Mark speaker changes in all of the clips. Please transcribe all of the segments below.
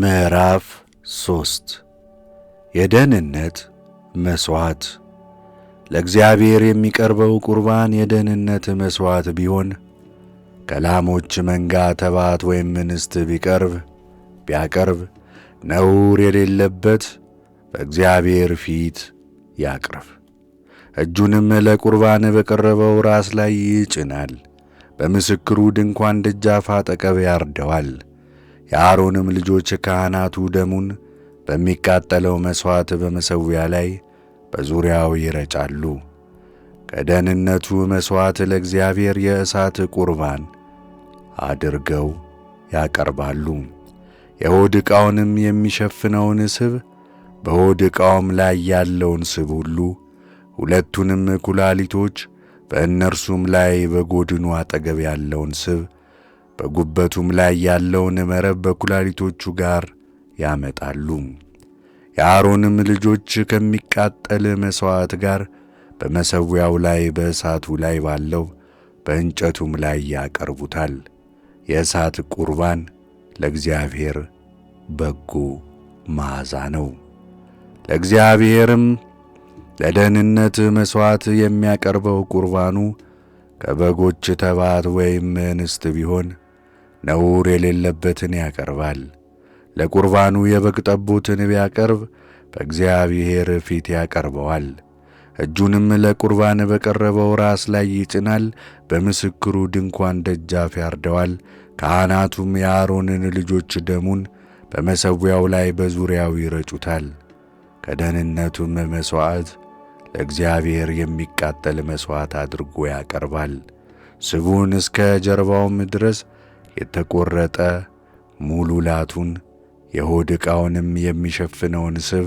Speaker 1: ምዕራፍ ሶስት የደህንነት መሥዋዕት ለእግዚአብሔር የሚቀርበው ቁርባን የደህንነት መሥዋዕት ቢሆን ከላሞች መንጋ ተባት ወይም ምንስት ቢቀርብ ቢያቀርብ ነውር የሌለበት በእግዚአብሔር ፊት ያቅርብ። እጁንም ለቁርባን በቀረበው ራስ ላይ ይጭናል፣ በምስክሩ ድንኳን ደጃፍ አጠገብ ያርደዋል። የአሮንም ልጆች ካህናቱ ደሙን በሚቃጠለው መሥዋዕት በመሠዊያ ላይ በዙሪያው ይረጫሉ። ከደህንነቱ መሥዋዕት ለእግዚአብሔር የእሳት ቁርባን አድርገው ያቀርባሉ። የሆድ ዕቃውንም የሚሸፍነውን ስብ በሆድ ዕቃውም ላይ ያለውን ስብ ሁሉ፣ ሁለቱንም ኩላሊቶች፣ በእነርሱም ላይ በጎድኑ አጠገብ ያለውን ስብ በጉበቱም ላይ ያለውን መረብ በኩላሊቶቹ ጋር ያመጣሉ። የአሮንም ልጆች ከሚቃጠል መሥዋዕት ጋር በመሠዊያው ላይ በእሳቱ ላይ ባለው በእንጨቱም ላይ ያቀርቡታል። የእሳት ቁርባን ለእግዚአብሔር በጎ መዓዛ ነው። ለእግዚአብሔርም ለደህንነት መሥዋዕት የሚያቀርበው ቁርባኑ ከበጎች ተባት ወይም እንስት ቢሆን ነውር የሌለበትን ያቀርባል። ለቁርባኑ የበግ ጠቦትን ቢያቀርብ በእግዚአብሔር ፊት ያቀርበዋል። እጁንም ለቁርባን በቀረበው ራስ ላይ ይጭናል፣ በምስክሩ ድንኳን ደጃፍ ያርደዋል። ካህናቱም የአሮንን ልጆች ደሙን በመሠዊያው ላይ በዙሪያው ይረጩታል። ከደህንነቱም መሥዋዕት ለእግዚአብሔር የሚቃጠል መሥዋዕት አድርጎ ያቀርባል። ስቡን እስከ ጀርባውም ድረስ የተቆረጠ ሙሉ ላቱን የሆድ ዕቃውንም የሚሸፍነውን ስብ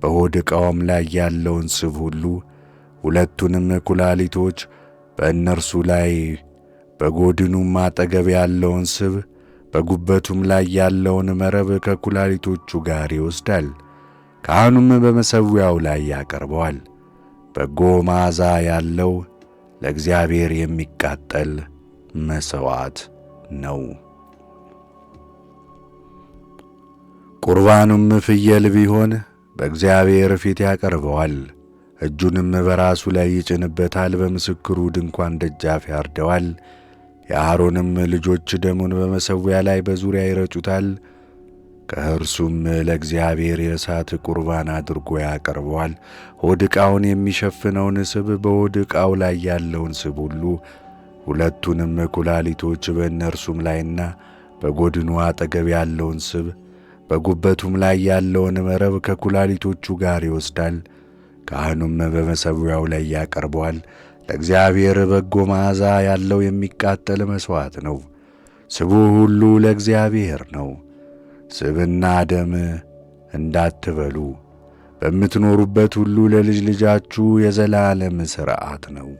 Speaker 1: በሆድ ዕቃውም ላይ ያለውን ስብ ሁሉ ሁለቱንም ኩላሊቶች በእነርሱ ላይ በጎድኑም አጠገብ ያለውን ስብ በጉበቱም ላይ ያለውን መረብ ከኩላሊቶቹ ጋር ይወስዳል። ካህኑም በመሠዊያው ላይ ያቀርበዋል። በጎ መዓዛ ያለው ለእግዚአብሔር የሚቃጠል መሥዋዕት ነው። ቁርባኑም ፍየል ቢሆን በእግዚአብሔር ፊት ያቀርበዋል። እጁንም በራሱ ላይ ይጭንበታል፣ በምስክሩ ድንኳን ደጃፍ ያርደዋል። የአሮንም ልጆች ደሙን በመሠዊያ ላይ በዙሪያ ይረጩታል። ከእርሱም ለእግዚአብሔር የእሳት ቁርባን አድርጎ ያቀርበዋል። ሆድ ዕቃውን የሚሸፍነውን ስብ፣ በሆድ ዕቃው ላይ ያለውን ስብ ሁሉ ሁለቱንም ኩላሊቶች በእነርሱም ላይና በጎድኑ አጠገብ ያለውን ስብ በጉበቱም ላይ ያለውን መረብ ከኩላሊቶቹ ጋር ይወስዳል። ካህኑም በመሠዊያው ላይ ያቀርበዋል። ለእግዚአብሔር በጎ መዓዛ ያለው የሚቃጠል መሥዋዕት ነው። ስቡ ሁሉ ለእግዚአብሔር ነው። ስብና ደም እንዳትበሉ በምትኖሩበት ሁሉ ለልጅ ልጃችሁ የዘላለም ሥርዓት ነው።